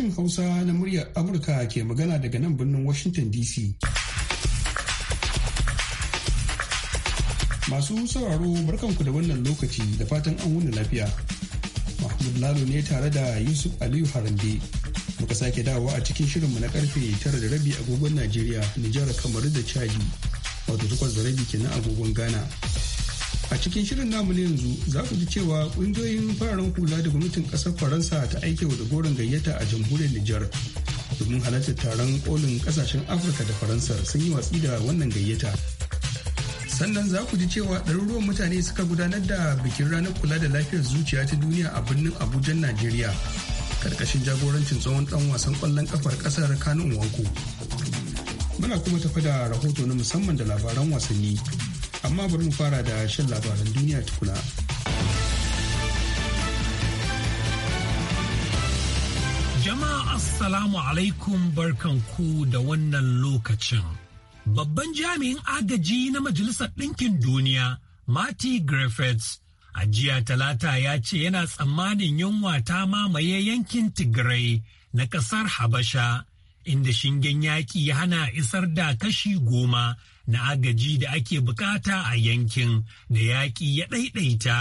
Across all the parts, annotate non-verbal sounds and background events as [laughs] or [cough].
Sashin Hausa na muryar Amurka ke magana daga nan birnin Washington DC. Masu sauraro barkanku da wannan lokaci da fatan an wuni lafiya. Mahmud Lalo ne tare da Yusuf Aliyu Harande. Muka sake dawowa a cikin shirinmu na karfe tara da rabi agogon Najeriya, Nijar, Kamaru da Chadi. Wato takwas da rabi kenan agogon Ghana. a cikin shirin namu ne yanzu za ku ji cewa kungiyoyin fararen hula da gwamnatin kasar faransa ta aike da goron gayyata a jamhuriyar nijar domin halartar taron kolin kasashen afirka da faransa sun yi watsi da wannan gayyata sannan za ku ji cewa ɗaruruwan mutane suka gudanar da bikin ranar kula da lafiyar zuciya ta duniya a birnin abuja najeriya karkashin jagorancin tsohon dan wasan kwallon kafar kasar kanun wanku muna kuma tafi da rahoto na musamman da labaran wasanni amma bari mu fara da shan labaran duniya tukuna. Jama'a Assalamu alaikum barkanku da wannan lokacin. Babban jami'in agaji na Majalisar Ɗinkin Duniya, Marty Griffiths, a jiya talata ya ce yana tsammanin yunwa ta mamaye yankin Tigray na ƙasar Habasha, inda shingen yaƙi hana isar da kashi goma na agaji da ake bukata a yankin da yaƙi ya ɗaiɗaita.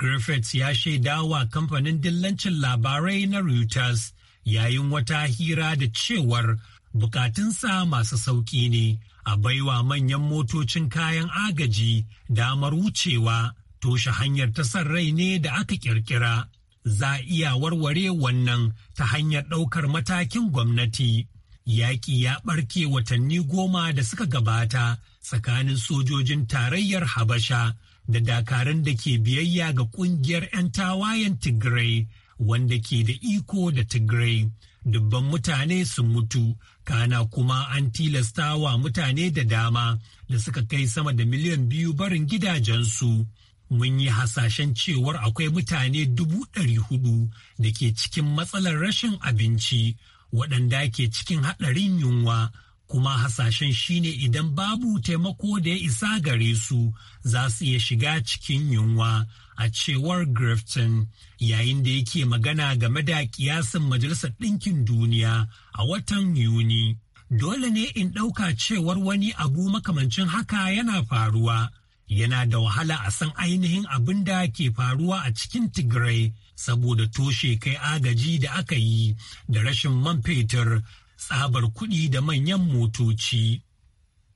Griffiths ya shaidawa kamfanin dillancin labarai na Reuters yayin wata hira da cewar bukatunsa masu sauƙi ne a baiwa manyan motocin kayan agaji damar wucewa toshe hanyar tasar rai ne da aka kirkira. Za iya warware wannan ta hanyar ɗaukar matakin gwamnati. yaƙi ya ɓarke watanni goma da suka gabata tsakanin sojojin tarayyar Habasha da dakarun da ke biyayya ga ƙungiyar 'yan tawayen Tigray wanda ke da iko da Tigray. Dubban mutane sun mutu, kana kuma an tilastawa mutane da dama da suka kai sama da miliyan biyu barin gidajensu. mun yi hasashen cewar akwai mutane dubu ɗari hudu da ke cikin matsalar rashin abinci waɗanda ke cikin haɗarin yunwa kuma hasashen shine idan babu taimako da ya isa gare su za su iya shiga cikin yunwa a cewar Grafton yayin da yake magana game da kiyasin Majalisar Ɗinkin Duniya a watan Yuni. Dole ne in ɗauka cewar wani abu makamancin haka yana faruwa. yana da wahala a san ainihin abin da ke faruwa a cikin Tigray saboda toshe kai agaji da aka yi da rashin man fetur tsabar kuɗi da manyan motoci.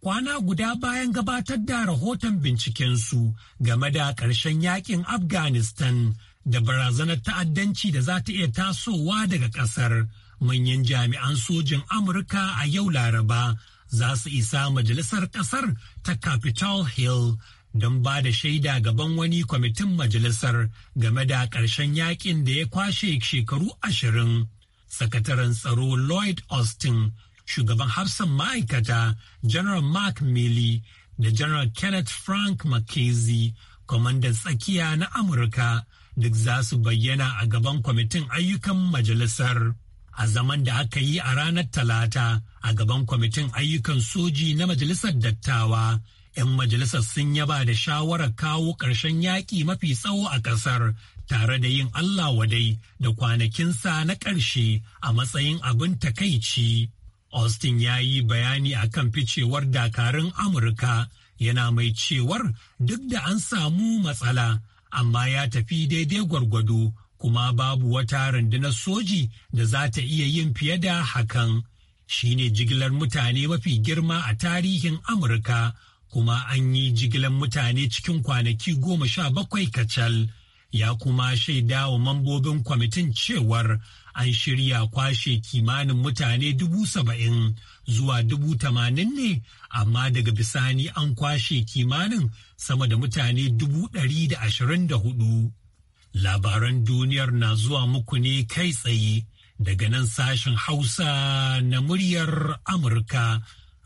Kwana guda bayan gabatar da rahoton bincikensu game da ƙarshen yakin Afghanistan da barazanar ta'addanci da za ta iya tasowa daga ƙasar, manyan jami'an sojin Amurka a yau Laraba za su isa majalisar ƙasar ta Capitol Hill don ba da shaida gaban wani kwamitin majalisar game da ƙarshen yakin da ya kwashe shekaru ashirin. Sakataren tsaro Lloyd Austin, shugaban hafsan ma'aikata General Mark Milley da General Kenneth Frank McKenzie, kwamandan tsakiya na Amurka, duk za su bayyana a gaban kwamitin ayyukan majalisar. A zaman da aka yi a ranar Talata a gaban kwamitin ayyukan soji na Majalisar Dattawa. 'yan majalisar sun yaba da shawarar kawo ƙarshen yaƙi mafi tsawo a ƙasar tare da yin Allah wadai da kwanakinsa na ƙarshe a matsayin abin takaici. Austin ya yi bayani a kan ficewar dakarun Amurka yana mai cewar duk da an samu matsala amma ya tafi daidai gwargwado kuma babu wata rundunar soji da za ta iya yin fiye da hakan. Shi ne jigilar mutane mafi girma a tarihin Amurka kuma an yi jigilan mutane cikin kwanaki goma sha bakwai kacal ya kuma shaida wa mambobin kwamitin cewar an shirya kwashe kimanin mutane dubu saba'in zuwa dubu tamanin ne amma daga bisani an kwashe kimanin sama da mutane dubu ɗari da ashirin da hudu labaran duniyar na zuwa muku ne kai tsaye daga nan sashen hausa na muryar amurka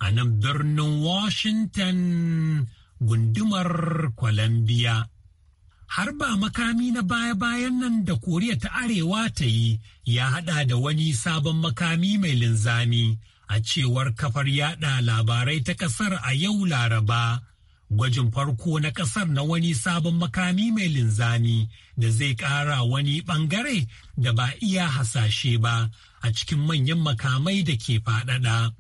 a nan birnin Washington gundumar Columbia. Har ba makami na baya-bayan nan da Koriya ta Arewa ta yi ya haɗa da wani sabon makami mai linzami a cewar kafar yaɗa labarai ta ƙasar a yau Laraba. Gwajin farko na ƙasar na wani sabon makami mai linzami da zai ƙara wani ɓangare da ba iya hasashe ba a cikin manyan makamai da ke faɗaɗa.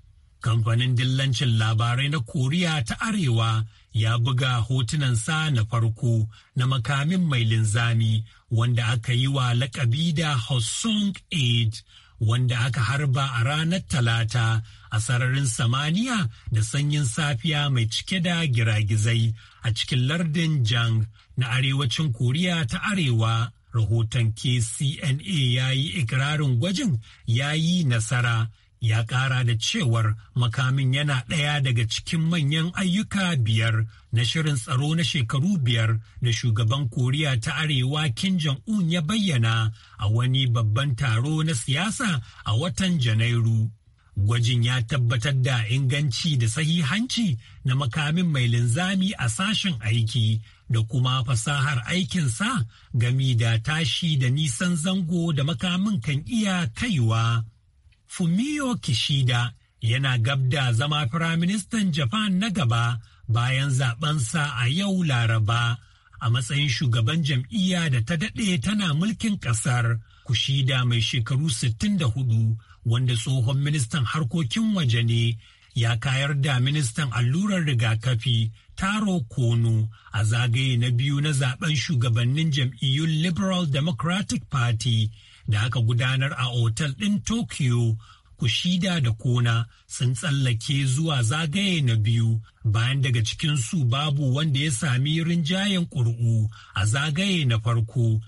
Kamfanin dillancin labarai na Koriya ta Arewa ya buga hotunansa na farko na makamin mai linzami wanda aka yi wa lakabi da Hosung Aid wanda aka harba a ranar Talata a sararin samaniya da sanyin safiya mai cike da giragizai a cikin lardin Jang na arewacin Koriya ta Arewa. Rahoton KCNA ya yi ikirarin gwajin ya yi nasara ya ƙara da cewar makamin yana ɗaya daga cikin manyan ayyuka biyar na shirin tsaro na shekaru biyar da shugaban koriya ta arewa Kin jong-un ya bayyana a wani babban taro na siyasa a watan janairu gwajin ya tabbatar da inganci da sahihanci na makamin mai linzami a sashen aiki da kuma fasahar aikinsa gami da tashi da nisan zango da makamin kan iya kaiwa. Fumio Kishida yana gabda zama Firaministan Japan na gaba bayan zabensa a yau Laraba a matsayin shugaban jam'iyya da ta daɗe tana mulkin ƙasar Kushida mai shekaru 64 wanda tsohon ministan harkokin waje ne ya kayar da ministan allurar rigakafi taro Konu. a zagaye na biyu na zaben shugabannin jam'iyyun liberal democratic party da aka gudanar a otal ɗin Tokyo ku shida da Kona sun tsallake zuwa zagaye na biyu bayan daga cikinsu babu wanda ya sami rinjayen ƙuri'u a zagaye na farko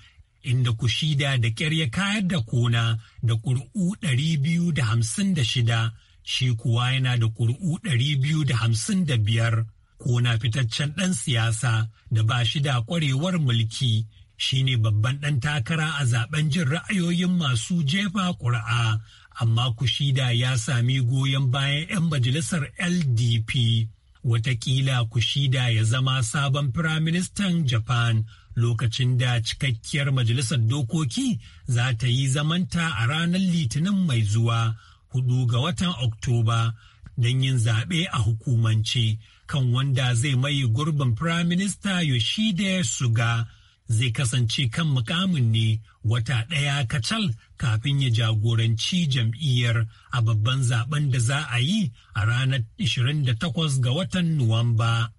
inda Kushida da ƙyar ya kayar da Kona da ƙuri'u shida shi kuwa yana da ƙuri'u biyar Kona fitaccen ɗan siyasa da ba shi da ƙwarewar mulki shine babban ɗan takara a zaben jin ra'ayoyin masu jefa ƙuri'a amma kushida ya sami goyon bayan 'yan majalisar ldp watakila kushida ya zama sabon firaministan japan lokacin da cikakkiyar majalisar dokoki za ta yi zamanta a ranar litinin mai zuwa hudu ga watan oktoba don yin zaɓe a hukumance kan wanda zai mai gurbin firaminista yoshide suga zai kasance kan mukamin ne wata ɗaya kacal kafin ya jagoranci jam'iyyar a babban zaben da za a yi a ranar 28 ga watan Nuwamba.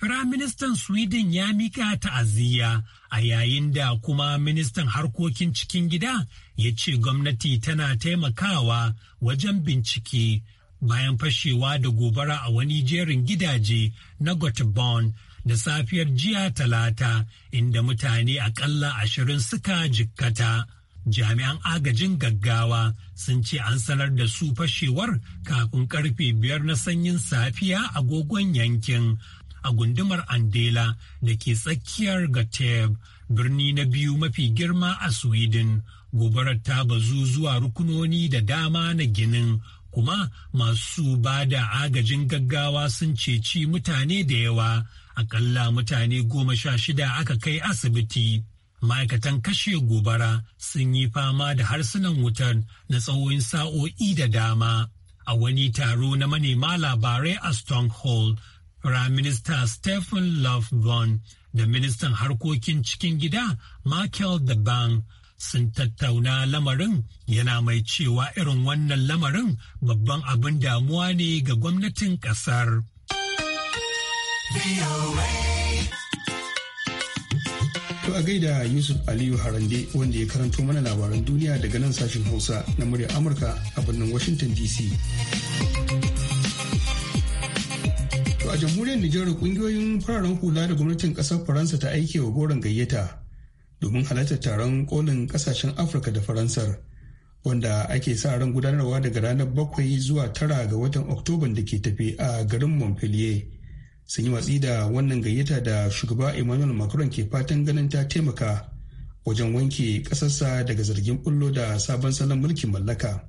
Firaministan Sweden ya mika ta'aziyya a yayin da kuma ministan harkokin cikin gida ya ce gwamnati tana taimakawa wajen bincike bayan fashewa da gobara a wani jerin gidaje na Göteborg da safiyar jiya talata inda mutane akalla ashirin suka jikkata. Jami'an agajin gaggawa sun ce an sanar da su fashewar kafin karfe biyar na sanyin safiya agogon yankin a gundumar Andela da ke tsakiyar Gateb, birni na biyu mafi girma a Sweden. Gobarar ta bazu zuwa rukunoni da dama na ginin kuma masu ba da agajin gaggawa sun ceci mutane da yawa akalla mutane goma sha shida aka kai asibiti. Ma'aikatan kashe gobara sun yi fama da harsunan wutar na tsawon sa'o'i da dama. A wani taro na manema labarai a Stonehall, Prime Minister Stephen Lofborn da Ministan Harkokin Cikin Gida Michael Ban, sun tattauna lamarin yana mai cewa irin wannan lamarin babban abin damuwa ne ga gwamnatin ƙasar. To a gaida Yusuf Aliyu Harande wanda ya karanto mana labaran duniya daga nan sashen Hausa na muryar Amurka a birnin Washington DC. To a jamhuriyar Nijar kungiyoyin fararen hula da gwamnatin kasar Faransa ta aike wa goron gayyata domin halartar taron kolin kasashen Afirka da Faransar wanda ake sa ran gudanarwa daga ranar bakwai zuwa tara ga watan Oktoban da ke tafe a garin Montpellier. sun yi watsi da wannan gayyata da shugaba emmanuel macron ke fatan ganin ta taimaka wajen wanke ƙasarsa daga zargin bullo da sabon salon mulkin mallaka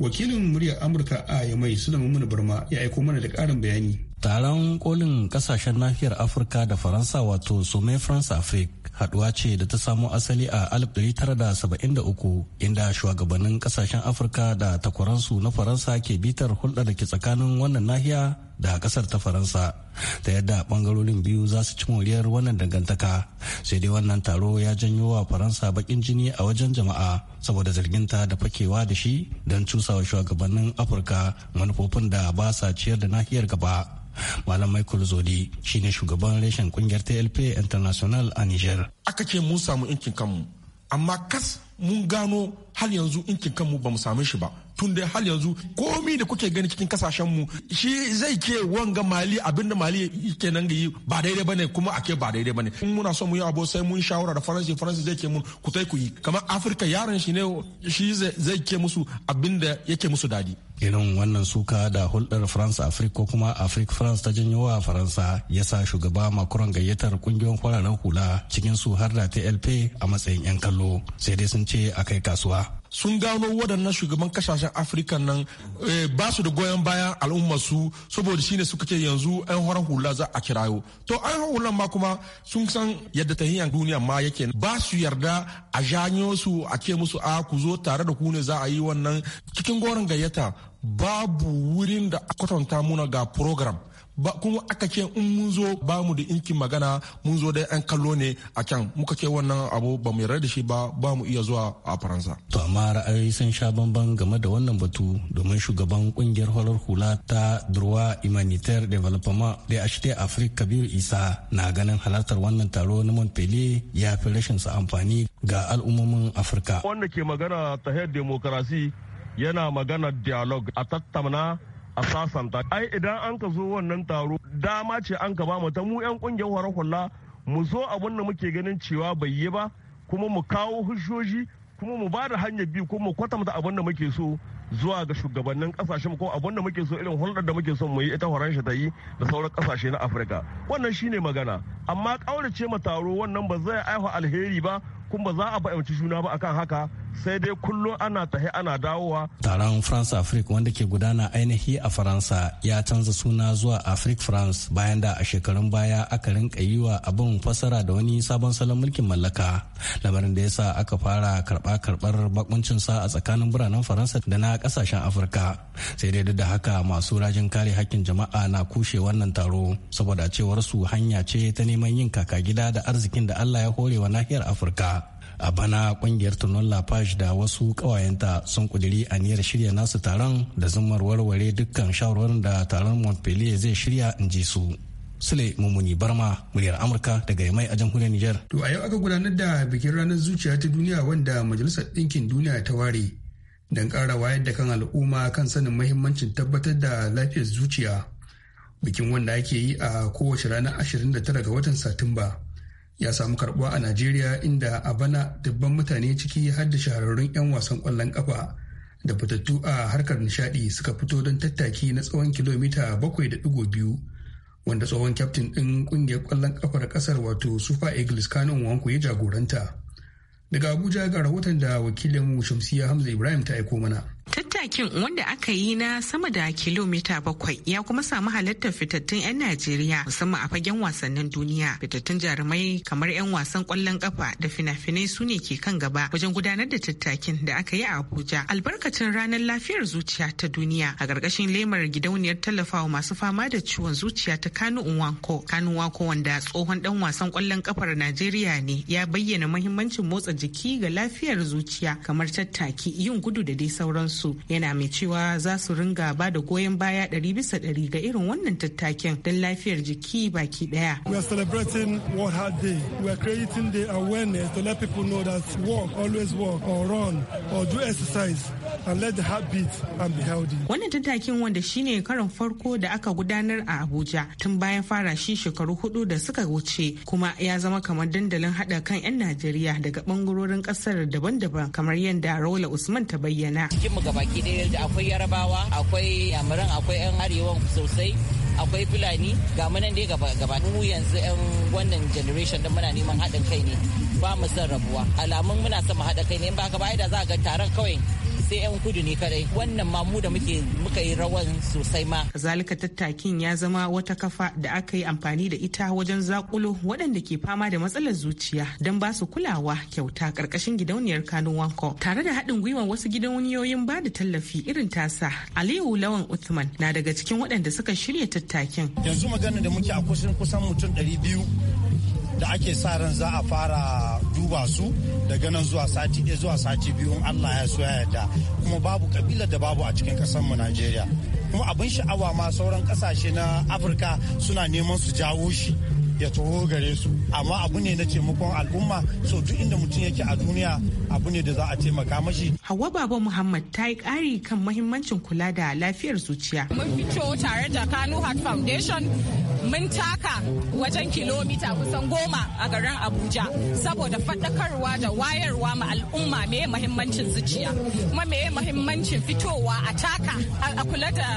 wakilin muryar amurka a yamai sulaiman mana barma ya aiko mana da ƙarin bayani taron kolin ƙasashen nahiyar afirka da faransa wato sommet france afrique haduwa ce da ta samo asali a 1973 inda shugabannin kasashen afirka da takwaransu na faransa ke bitar hulɗa da ke tsakanin wannan nahiya da kasar ta faransa ta yadda bangarorin biyu za su ci moriyar wannan dangantaka sai dai wannan taro ya janyo wa faransa bakin jini a wajen jama'a saboda zarginta da fakewa da shi don cusawa shugabannin afirka manufofin da ba sa ciyar da nahiyar gaba Malam Michael Zodi shine shugaban reshen kungiyar TLP International a Niger. Aka ce mun samu inkin kanmu, amma kas mun gano har yanzu inkin kanmu ba mu same shi ba. tun da hal yanzu komi da kuke gani cikin kasashen mu shi zai ke wanga mali abinda mali yake nan yi ba daidai bane kuma ake ba daidai bane in muna so mu yi abu sai mun shawara da faransi faransi zai ke mun ku tai ku yi kamar afirka yaron shi ne shi zai ke musu abinda yake musu dadi irin wannan suka da hulɗar france afrique ko kuma afrique france ta janyo wa faransa ya sa shugaba makuron gayyatar kungiyoyin kwararren hula cikin su har da tlp a matsayin 'yan kallo sai dai sun ce a kai kasuwa sun gano waɗannan shugaban kasashen afirka nan eh, ba su da goyon bayan al'ummarsu saboda shine suka ce yanzu an horon hula za a kirayo to an horon hula ma kuma sun san yadda tahiyyar duniya ma yake ba su yarda a janyo su a ce musu a ku zo tare da ku ne za a yi wannan cikin goron gayyata babu wurin da a kwatanta muna ga program ba kuma aka ce in mun zo ba mu da inkin magana mun zo dai an kallo ne a can muka ce wannan abu ba mu yarda da shi ba ba mu iya zuwa a faransa to amma ra'ayoyi sun sha bamban game da wannan batu domin shugaban kungiyar horar hula ta droit humanitaire development da ht afrika biyu isa na ganin halartar wannan taro na montpellier ya fi rashin sa amfani ga al'ummomin afirka wanda ke magana ta demokarasi yana magana dialogue a tattauna a sasanta ai idan an ka zo wannan taro dama ce an ka bamu ta mu yan kungiyar hore hula mu zo abin da muke ganin cewa bai yi ba kuma mu kawo hujjoji kuma mu ba da hanyar biyu kuma mu kwatanta abin da muke so zuwa ga shugabannin kasashen ko abin da muke so irin hulɗar da muke so mu yi ita horon ta yi da sauran kasashe na afirka wannan shine magana amma kaurace ma taro wannan ba zai haihu alheri ba kuma za a fahimci juna ba akan haka sai dai kullum ana tahe ana dawowa. Taron France Afrique wanda ke gudana ainihi a Faransa ya canza suna zuwa Afrique France bayan da a shekarun baya aka rinka yi wa abin fasara da wani sabon salon mulkin mallaka. Lamarin da ya sa aka fara karba karɓar bakuncin sa a tsakanin biranen Faransa da na kasashen Afirka. Sai dai duk da haka masu rajin kare hakkin jama'a na kushe wannan taro saboda cewar su hanya ce ta neman yin kaka gida da arzikin da Allah ya hore wa nahiyar Afirka. a bana kungiyar tunon lafash da wasu kawayenta sun a aniyar shirya nasu taron da zumar warware dukkan shawarwarin da taron montpellier zai shirya in ji su Sule Mummuni Barma muryar Amurka daga Yamai a jamhuriyar Nijar. To a yau aka gudanar da bikin ranar zuciya ta duniya wanda Majalisar Ɗinkin Duniya ta ware don ƙara wayar da kan al'umma kan sanin mahimmancin tabbatar da lafiyar zuciya. Bikin wanda ake yi a kowace ranar 29 ga watan Satumba. ya samu karbuwa a najeriya inda a bana dubban mutane ciki har da shahararrun 'yan wasan kwallon kafa da fitattu a harkar nishadi suka fito don tattaki na tsawon kilomita 7.2 wanda tsohon kyaftin ɗin ƙungiyar kwallon kafar ƙasar wato super eagles kanon wanku ya jagoranta daga abuja ga rahoton da wakilin shamsiya hamza ibrahim ta aiko mana Tattakin wanda aka yi na sama da kilomita bakwai ya kuma samu halartar fitattun 'yan Najeriya musamman a fagen wasannin duniya. Fitattun jarumai kamar 'yan wasan kwallon kafa da fina-finai su ne ke kan gaba wajen gudanar da tattakin da aka yi a Abuja. Albarkacin ranar lafiyar zuciya ta duniya a ƙarƙashin lemar gidauniyar tallafawa masu fama da ciwon zuciya ta Kanu Nwanko. Kanu Nwanko wanda tsohon dan wasan kwallon kafar Najeriya ne ya bayyana muhimmancin motsa jiki ga lafiyar zuciya kamar tattaki yin gudu da dai sauransu. su yana mai cewa za su ringa ba da goyon baya ɗari bisa ɗari ga irin wannan tattakin don lafiyar jiki baki ɗaya. We are celebrating World Heart Day. We are creating the awareness to let people know that walk, always walk, or run, or do exercise, and let the heart beat and be healthy. Wannan tattakin wanda shine karon farko da aka gudanar a Abuja tun bayan fara shi shekaru hudu da suka wuce kuma ya zama kamar dandalin haɗa kan 'yan Najeriya daga ɓangarorin ƙasar daban-daban kamar yadda Raula Usman ta bayyana. gabaki ɗaya akwai yarabawa akwai yamuran akwai 'yan arewa sosai akwai fulani ga munan dai gaba gaba mu yanzu 'yan wannan generation don muna neman haɗin kai ne ba mu son rabuwa alamun muna son mu haɗa kai ne in ba ka ba da za ga taron kawai sai 'yan kudu ne kadai wannan ma mu da muke muka yi rawan sosai ma kazalika tattakin ya zama wata kafa da aka yi amfani da ita wajen zakulo waɗanda ke fama da matsalar zuciya don ba su kulawa kyauta karkashin gidauniyar kano wanko tare da haɗin gwiwar wasu gidauniyoyin ba da tallafi irin tasa aliyu lawan uthman na daga cikin waɗanda suka shirya tattakin yanzu magana da muke a kusan kusan mutum ɗari biyu. da ake sa ran za a fara duba su daga nan zuwa sati ɗaya zuwa sati biyu in Allah ya so ya yarda kuma babu kabilar da babu a cikin ƙasar mu Najeriya kuma abin sha'awa ma sauran kasashe na Afirka suna neman su jawo shi ya taho gare su amma abu ne na taimakon al'umma so duk inda mutum yake a duniya abu ne da za a taimaka mashi. Hawa Baba Muhammad ta yi ƙari kan mahimmancin kula da lafiyar zuciya. Mun fito tare da Kano Heart Foundation mun taka wajen kilomita kusan goma a garin Abuja saboda faɗakarwa da wayarwa ma al'umma me mahimmancin zuciya kuma me mahimmancin fitowa a taka a kula da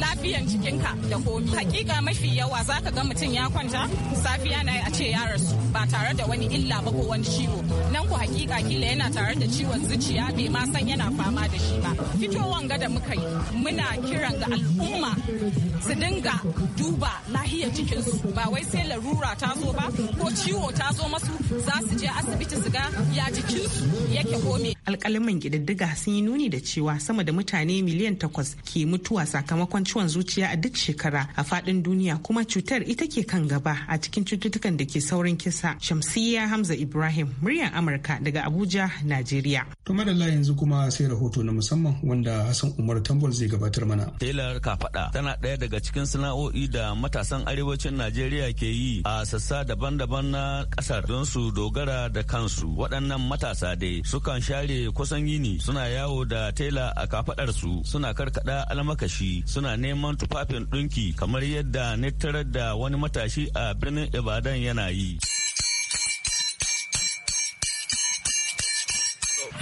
lafiyan jikinka da komi. Hakika mafi yawa za ka ga mutum ya kwanta safiya na a ce ya rasu ba tare da wani illa ba ko wani ciwo nan ku hakika kila yana tare da ciwon zuciya bai ma san yana fama da shi ba. fitowan gada muka yi muna kiran ga al'umma su dinga duba lahiyar jikinsu ba wai sai larura ta zo ba ko ciwo ta zo masu za su je asibiti su ga ya jikinsu yake kome alkalaman kididdiga sun yi nuni da cewa sama da mutane miliyan takwas ke mutuwa sakamakon ciwon zuciya a duk shekara a fadin duniya kuma cutar ita ke kan gaba a cikin cututtukan da ke saurin kisa shamsiyya hamza ibrahim muryar amurka daga abuja najeriya to madalla yanzu kuma sai rahoto na musamman wanda hassan umar tambol zai gabatar mana telar kafaɗa tana ɗaya daga cikin sana'o'i da matasan arewacin najeriya ke yi a sassa daban-daban na kasar don su dogara da kansu waɗannan matasa dai sukan share kare kusan yini suna yawo da tela a su suna karkada almakashi suna neman tufafin ɗunki kamar yadda na da wani matashi a birnin Ibadan yana yi.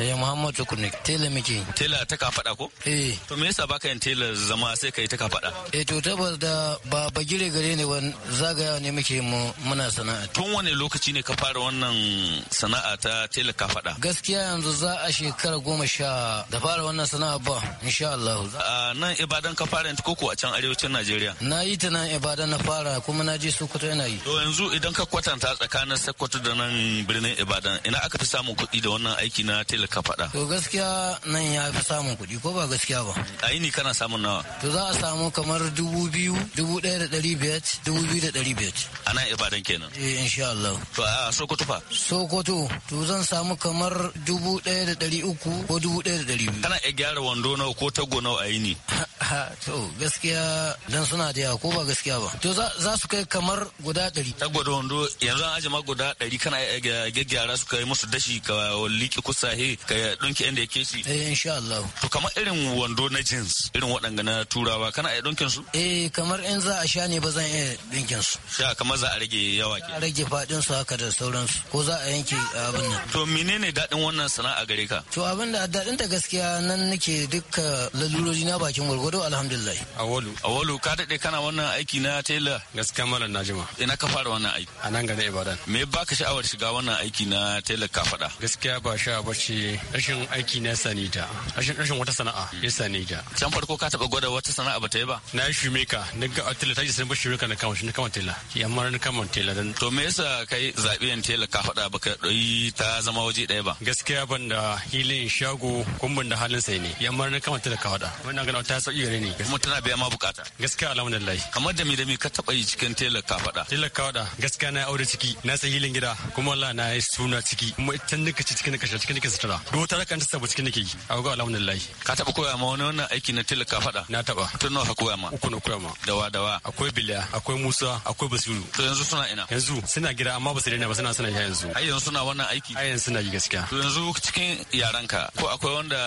Eh Muhammad Tukunik tela muke. Tela ta fada ko? Eh. To me yasa baka yin tela zama sai kai ta fada? Eh to tabbas da ba bagire gare ne wan zagaya ne muke mu muna sana'a. Tun wani lokaci ne ka fara wannan sana'a ta tela fada? Gaskiya yanzu za a shekara goma sha da fara wannan sana'a ba insha Allah. A nan Ibadan ka fara ta koko a can arewacin Najeriya? Na yi ta nan Ibadan na fara kuma na je Sokoto yana yi. To yanzu idan ka kwatanta tsakanin Sokoto da nan birnin Ibadan ina aka fi samun kuɗi da wannan aiki na tela ka faɗa. To gaskiya nan ya fi samun kuɗi ko ba gaskiya ba. A yini kana samun nawa? To za a samu kamar dubu biyu, dubu ɗaya da ɗari biyar, dubu biyu da ɗari biyar. A nan Ibadan kenan? Eh insha Allah. To a Sokoto fa? Sokoto to zan samu kamar dubu ɗaya da ɗari uku ko dubu ɗaya da ɗari biyu. Kana iya gyara wando nawa ko tago nawa a yini? [laughs] To gaskiya dan suna da yawa ko ba gaskiya ba. To za su kai kamar guda ɗari. Tago da wando yanzu an aje ma guda ɗari kana iya gyara su kai musu dashi ka liƙi kusa he ka ɗinki inda yake shi eh insha Allah to kamar irin wando na jeans irin waɗanga na turawa kana iya ɗinkin su eh kamar in za a sha ne ba zan iya ɗinkin su sha kamar za a rage yawa ke rage faɗin su haka da sauransu ko za a yanke abin nan to menene daɗin wannan sana'a gare ka to abin da daɗin ta gaskiya nan nake dukka lalurori na bakin gwargwado alhamdulillah Awolu. Awolu ka daɗe kana wannan aiki na tela gaskiya malam najima ina ka fara wannan aiki a nan gane ibadan me baka sha'awar shiga wannan aiki na tela ka faɗa gaskiya ba sha ce. rashin aiki na sani ta rashin rashin wata sana'a ya sani ta can farko ka taba gwada wata sana'a bata yi ba na yi shumeka na ga tela ta ji sanin ba shumeka na kama na kama tela yamma na kama tela dan to me yasa kai zabi yan tela ka faɗa ka ɗoyi ta zama waje ɗaya ba gaskiya ban da hilin shago kun ban da halin sai ne yamma na kama tela ka faɗa wannan gana ta sauki gare ni kuma tana biya ma bukata gaskiya alhamdulillah kamar da mi da mi ka taba yi cikin tela ka faɗa tela ka faɗa gaskiya na aure ciki na sai hilin gida kuma wallahi na yi suna ciki kuma ita nika ci cikin kashe cikin kashe tara Do wata rakan ta cikin nake yi a ga alamun lillahi. ka taba koya ma wani wannan aiki na tilaka fada na taba tun nawa ka koya ma uku na koya ma dawa dawa akwai biliya akwai musa akwai basiru to yanzu suna ina yanzu suna gida amma ba su daina ba suna suna yanzu ai yanzu suna wannan aiki ai yanzu suna yi gaskiya to yanzu cikin yaranka ko akwai wanda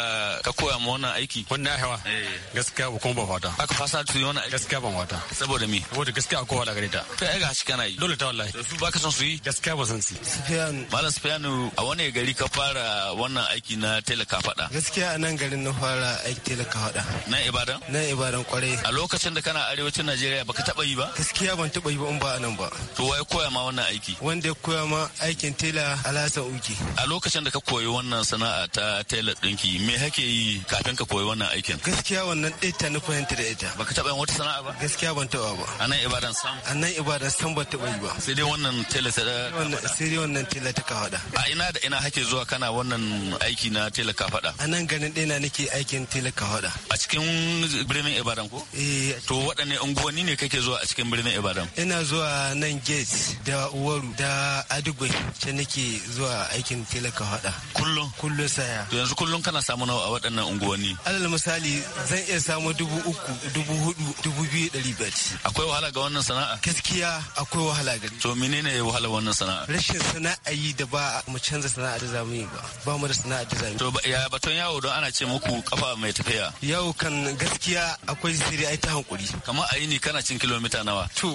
ka koya ma wannan aiki wannan hawa eh. gaskiya ba kuma ba fata aka fasa tu yi wannan aiki gaskiya ban fata saboda me saboda gaskiya akwai wala gareta. ta ai ga shi kana yi dole ta wallahi su baka son su yi gaskiya ba san su malam sufiyanu a wani gari ka fara wani wannan aiki na telaka fada gaskiya a nan garin na fara aiki telaka fada na ibadan na ibadan kwarai a lokacin da kana arewacin najeriya baka taba yi ba gaskiya ban taba yi ba in ba a nan ba to wai koya ma wannan aiki wanda ya koya ma aikin tela alhassan uki a lokacin da ka koyi wannan sana'a ta tela dinki me hake yi kafin ka koyi wannan aikin gaskiya wannan ɗaya na fahimta da ita baka taba yin wata sana'a ba gaskiya ban taba ba a nan ibadan sam a nan ibadan sam ban taba yi ba sai dai wannan tela sai dai wannan tela ta kawada a ina da ina hake zuwa kana wannan aiki na telaka fada. A nan ganin ɗina nake aikin telaka fada. A cikin birnin Ibadan ko? Eh. To waɗanne unguwanni ne kake zuwa a cikin birnin Ibadan? Ina zuwa nan Gate da Uwaru da Adigwe ce nake zuwa aikin telaka fada. Kullum? Kullum saya. To yanzu kullum kana samu nawa a waɗannan unguwanni? Alal misali zan iya samu dubu uku, dubu hudu, dubu biyu ɗari bati Akwai wahala ga wannan sana'a? Gaskiya akwai wahala ga. To menene wahala wannan sana'a? Rashin sana'a yi da ba mu canza sana'a da zamu yi ba. Ba mu da sana'ar design. To ya baton yawo don ana ce muku kafa mai tafiya. Yawo kan gaskiya akwai sirri ai ta hankuri. Kamar a ni kana cin kilomita nawa. To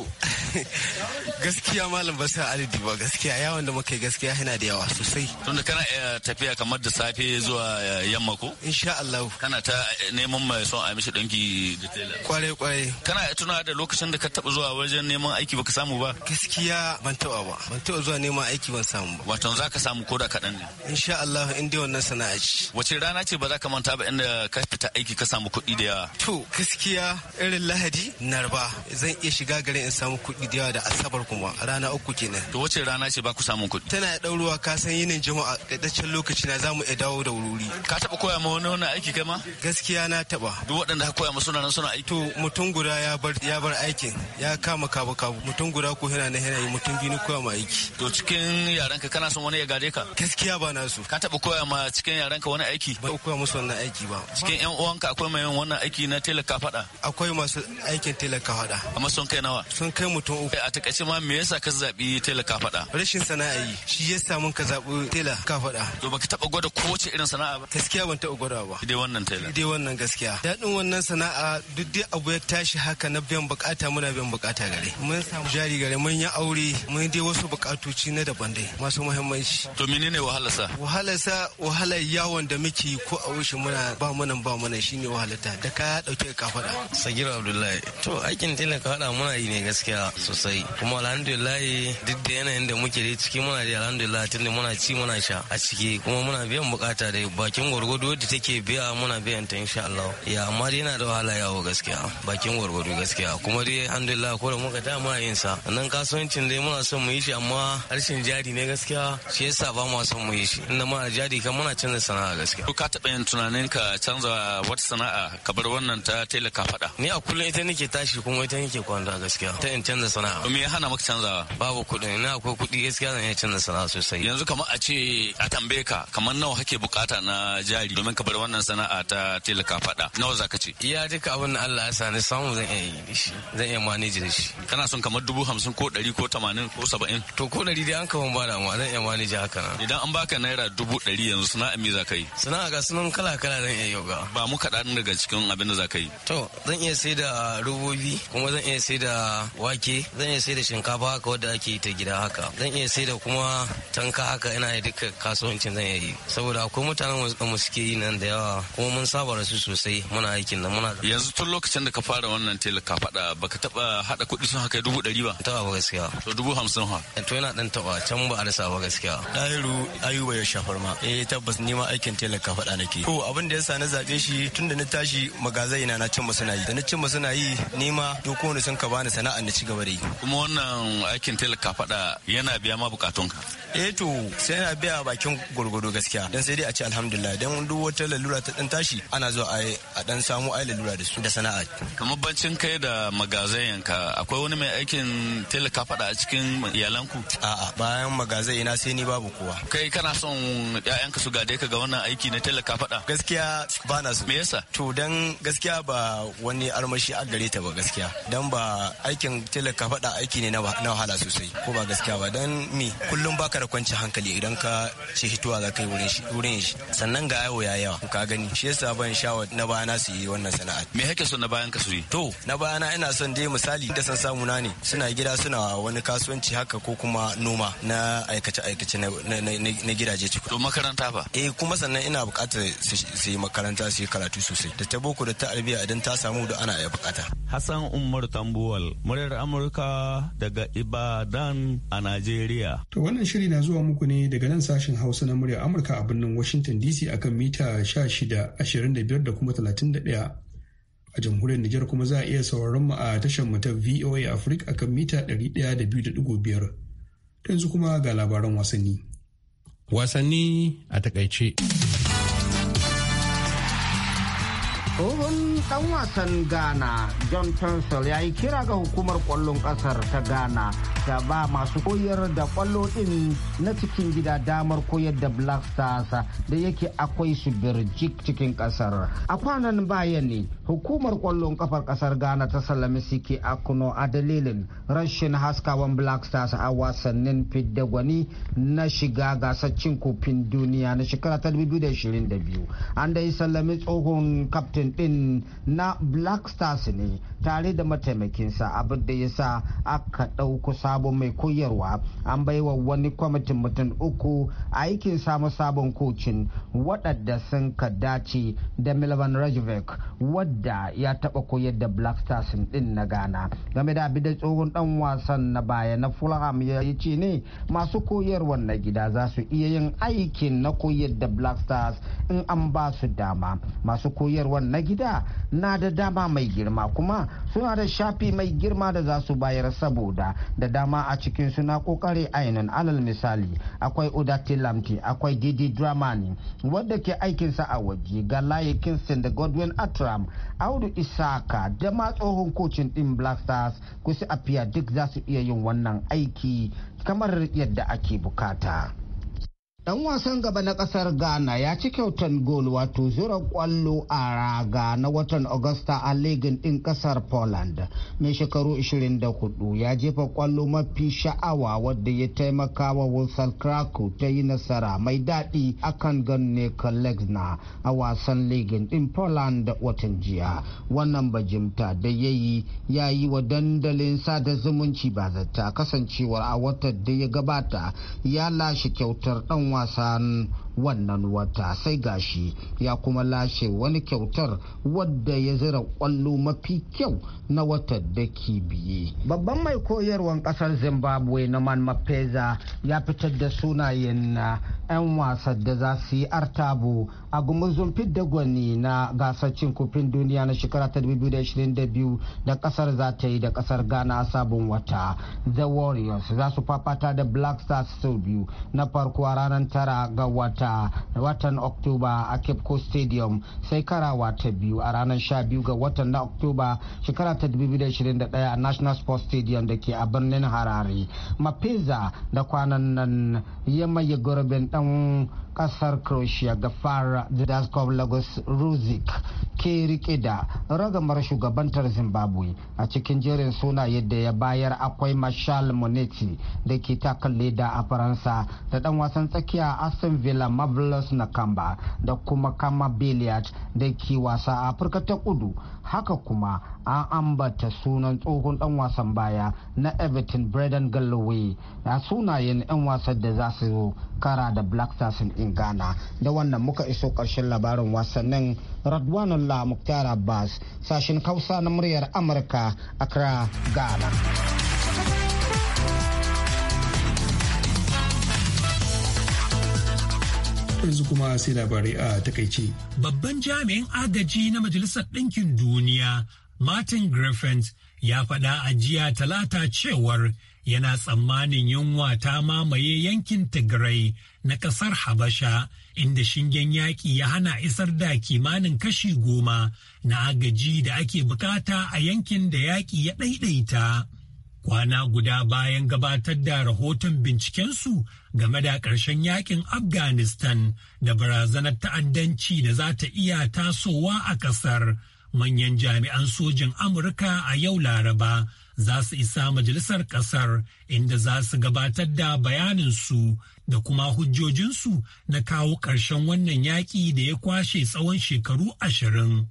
[laughs] gaskiya malam ba sa adadi ba gaskiya yawon da muka yi gaskiya yana da yawa sosai. Tunda kana tafiya kamar da safe zuwa eh, yamma ko? Insha Allah. Kana ta eh, neman mai son a mishi ɗanki da tela. Kwarai kwarai. Kana tuna da lokacin da ka taɓa zuwa wajen neman aiki baka samu ba? Gaskiya ban taɓa ba. Ban taɓa zuwa neman aiki ban samu ba. Wato za ka samu ko da kaɗan ne. Insha Allah in in wannan sana'a ce. Wace rana ce ba za ka manta ba inda ka fita aiki ka samu kuɗi da yawa? To gaskiya irin Lahadi Narba zan iya shiga garin in samu kuɗi da yawa da Asabar kuma rana uku kenan. To wace rana ce ba ku samu kuɗi? Tana da ɗauruwa ka san yinin jama'a ɗaɗɗaccen lokaci na za mu iya dawo da wuri. Ka taɓa koya ma wani wani aiki kai ma? Gaskiya na taɓa. Duk waɗanda ka koya ma suna nan suna aiki. To mutum guda ya bar ya bar aikin ya kama kabu kabu mutum guda ko yana na yana yi mutum biyu ni koya ma aiki. To cikin yaranka kana son wani ya gade ka? Gaskiya ba na so. Ka taɓa koya koya ma cikin yaranka ka wani aiki ba koya musu wannan aiki ba cikin yan uwanka akwai mai wannan aiki na telaka fada akwai masu aikin talaka fada amma sun kai nawa sun kai mutum uku a takaice ma me yasa ka zabi telaka fada rashin sana'a yi shi yasa mun ka zabi telaka fada to baka taba gwada kowace irin sana'a ba gaskiya ban taba gwada ba dai wannan talaka dai wannan gaskiya dadin wannan sana'a duk dai abu ya tashi haka na biyan bukata muna biyan bukata gare mun samu jari gare mun yi aure mun dai wasu bukatoci na daban dai masu muhimmanci to menene wahalarsa wahalarsa wahalar yawon da muke ko a wuce muna ba mana ba mana shine wahalata da ka dauke ka fada sagira abdullahi to aikin tilla ka fada muna yi ne gaskiya sosai kuma alhamdulillah duk da yanayin da muke da ciki muna da alhamdulillah tunda muna ci muna sha a ciki kuma muna biyan bukata da bakin gwargwado da take biya muna biyan ta insha Allah ya amma dai yana da wahala yawo gaskiya bakin gwargwado gaskiya kuma dai alhamdulillah ko da muka dama yin sa nan kasuwancin dai muna son mu yi shi amma harshen jari ne gaskiya shi yasa ba mu son mu yi shi inda muna jari daɗi kan muna canza sana'a gaskiya. Ka taɓa yin tunanin ka canza wata sana'a ka bar wannan ta tela ka faɗa. Ni a kullum ita nake tashi kuma ita nake kwanta gaskiya. Ta in canza sana'a. Me ya hana maka canzawa? Babu kuɗi ina akwai kuɗi gaskiya zan iya canza sana'a sosai. Yanzu kamar a ce a tambaye ka kamar nawa kake bukata na jari domin ka bar wannan sana'a ta tela ka faɗa nawa za ka ce. Iya duka abin da Allah ya sa ni samu zan iya yi da shi zan iya manage da shi. Kana son kamar dubu hamsin ko ɗari ko tamanin ko saba'in. To ko ɗari dai an kama ba damuwa zan iya manage haka na. Idan an baka naira dubu ɗari yanzu sana'a me za ka yi sana'a ga sunan kala kala zan iya yau ga ba mu kaɗan daga cikin abin da za ka yi to zan iya sai da robobi kuma zan iya sai da wake zan iya sai da shinkafa haka wadda ake ta gida haka zan iya sai da kuma tanka haka ina yi duka kasuwancin zan iya yi saboda akwai mutanen mu suke yi nan da yawa kuma mun saba da su sosai muna aikin da muna yanzu tun lokacin da ka fara wannan tela ka faɗa baka taɓa haɗa kuɗi sun haka dubu ɗari ba taɓa ba gaskiya to dubu hamsin ha to yana ɗan taɓa can ba a rasa ba gaskiya ɗahiru ayuba ya shafar ma eh tabbas ni ma aikin talaka faɗa nake to abin da yasa na zabe shi tunda na tashi magazai na na cin suna yi da na cimma suna yi ni ma wani sun ka bani sana'a na cigaba da yi kuma wannan aikin telaka faɗa yana biya ma bukatunka eh to sai na biya bakin gurgudu gaskiya dan sai dai a ce alhamdulillah dan duk wata lalura ta dan tashi ana zuwa a dan samu ai lalura da su da sana'a kamar bancin kai da ka akwai wani mai aikin telaka faɗa a cikin iyalanku a'a bayan magazai na sai ni babu kowa kai kana son ya ƴaƴanka su gade ka ga wannan aiki na talaka faɗa gaskiya ba na so me yasa to dan gaskiya ba wani armashi a gare ta ba gaskiya dan ba aikin talaka faɗa aiki ne na wahala sosai ko ba gaskiya ba dan me kullum ba ka da kwanci hankali idan ka ce hituwa za ka yi wurin shi sannan ga yawo ya yawa ka gani shi yasa ban shawar na bayana su yi wannan sana'a me kake so na bayan ka su yi to na bayana ina son dai misali da san samu na ne suna gida suna wani kasuwanci haka ko kuma noma na aikace aikace na gidaje cikin to makaranta ba eh kuma sannan ina bukatar su yi makaranta su yi karatu sosai da ta boko da ta albiya idan ta samu da ana iya buƙata Hassan Umar Tambuwal muryar Amurka daga Ibadan a Najeriya to wannan shiri na zuwa muku ne daga nan sashen Hausa na muryar Amurka a birnin Washington DC akan mita shida ashirin da kuma 31 a jamhuriyar Nijar kuma za a iya sauraron mu a tashar mu ta VOA Africa akan mita 102.5. Yanzu kuma ga labaran wasanni. Wasanni a takaice. dan wasan ghana john Tunsil ya yi kira ga hukumar kwallon kasar ta ghana da ba masu koyar da kwallo din na cikin gida damar koyar da black stars da yake akwai su birjik cikin kasar a kwanan baya ne hukumar kwallon kafar kasar ghana ta sallami a akuno a dalilin rashin haskawan black stars a wasannin fidda gwani na shiga gasar cin kofin duniya na shekara ta 2022 an dai sallami tsohon kaftin din na black stars ne tare da mataimakinsa abin da ya sa aka ɗauko sabon mai koyarwa an baiwa wani kwamitin mutum uku aikin samu sabon kocin waɗanda sun ka dace da milvan rajovic wadda ya taɓa koyar da black stars ɗin na ghana game da abin da tsohon ɗan wasan na baya na fulham ya ce ne masu koyarwar na gida za su iya yin aikin na koyar da black stars in an ba su dama masu koyarwar na gida na da dama mai girma kuma suna da shafi mai girma da za su bayar saboda da dama a cikin suna kokare ainihin alal misali akwai odati lamti akwai didi dramani wadda ke aikinsa a waje ga laye kingston da godwin atram audu isaka da ma tsohon kocin din black stars kusa afiya duk za su iya yin wannan aiki kamar yadda ake bukata. Dan wasan gaba na kasar Ghana ya ci kyautan gol wato zura kwallo a raga na watan Agusta a ligin ɗin kasar Poland. Mai shekaru 24 ya jefa kwallo mafi sha'awa wadda ya taimaka wa Wilson Krakow ta yi nasara mai daɗi akan ganne Kalexna a wasan ligin ɗin Poland watan jiya. Wannan bajimta da ya yi ya yi wa dandalin sada zumunci ba zata kasancewar a watan da ya gabata ya lashe kyautar ɗan penguasaan wannan wata sai gashi ya kuma lashe wani kyautar wadda ya zira kwallo mafi kyau na watan da ke biye babban mai koyarwan kasar zimbabwe na mapeza ya fitar da sunayen na uh, 'yan wasan da za su yi artabo a gumurzun da gwani na gasar cin kufin duniya na shekara ta 2022 da kasar za ta yi da kasar ghana a sabon wata the warriors za su fafata da black stars sau biyu na farko a ranar tara ga wata ta watan oktoba a cape coast stadium sai karawa ta biyu a ranar 12 ga watan na oktoba shekara ta 2021 a national sports stadium da ke a birnin harare mapeza da kwanan nan ya maye gurbin dan kasar croatia gafara daskov lagos ruzik ke rike da ragamar shugabantar zimbabwe a cikin jerin suna yadda ya bayar akwai marshal moneti da ke takalle da a faransa da dan wasan tsakiya aston villa marvelous na kamba da kuma kama billiard da ke wasa a afirka ta kudu haka kuma an ambata sunan tsohon dan wasan baya na everton braden galloway a sunayen 'yan wasan da za su zo kara da black stars in ghana da wannan muka iso karshen labarin wasannin radwanullah muktar bas sashen kausa na muryar amurka accra ghana yanzu kuma sai labarai a takaice. Babban jami'in agaji na Majalisar Ɗinkin Duniya, Martin Griffiths, ya faɗa a jiya talata cewar yana tsammanin yunwa ta mamaye yankin Tigray na ƙasar Habasha inda shingen yaƙi ya hana isar da kimanin kashi goma na agaji da ake bukata a yankin da yaƙi ya ɗaiɗaita. Kwana guda bayan gabatar da rahoton bincikensu game da ƙarshen yakin Afghanistan da barazanar ta'addanci da za ta iya tasowa a ƙasar, manyan jami'an sojin Amurka a yau Laraba. za su isa majalisar ƙasar inda za su gabatar da bayaninsu da kuma hujjojinsu na kawo ƙarshen wannan yaƙi da ya kwashe tsawon shekaru ashirin.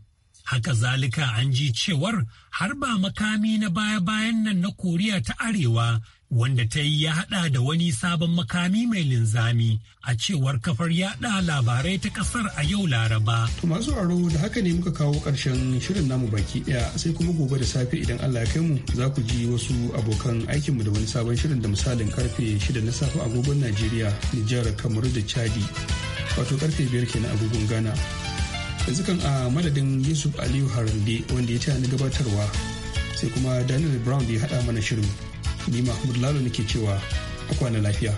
Haka zalika an ji cewar har ba makami na baya-bayan nan na Koriya ta Arewa wanda ta yi ya hada da wani sabon makami mai linzami a cewar kafar yada labarai ta kasar a yau laraba. To masu aro da haka ne muka kawo karshen shirin namu baki daya sai kuma gobe da safe idan Allah ya kai mu za ku ji wasu abokan aikinmu da wani sabon shirin da misalin karfe shida na safe agogon Najeriya, Nijar, Kamaru da Chadi. Wato karfe ke kenan agogon Ghana. Yanzu kan a madadin Yusuf Aliyu Harande wanda ya taya ni gabatarwa sai kuma Daniel Brown da ya hada mana shirin. ni mahmud lalo nake cewa a kwana lafiya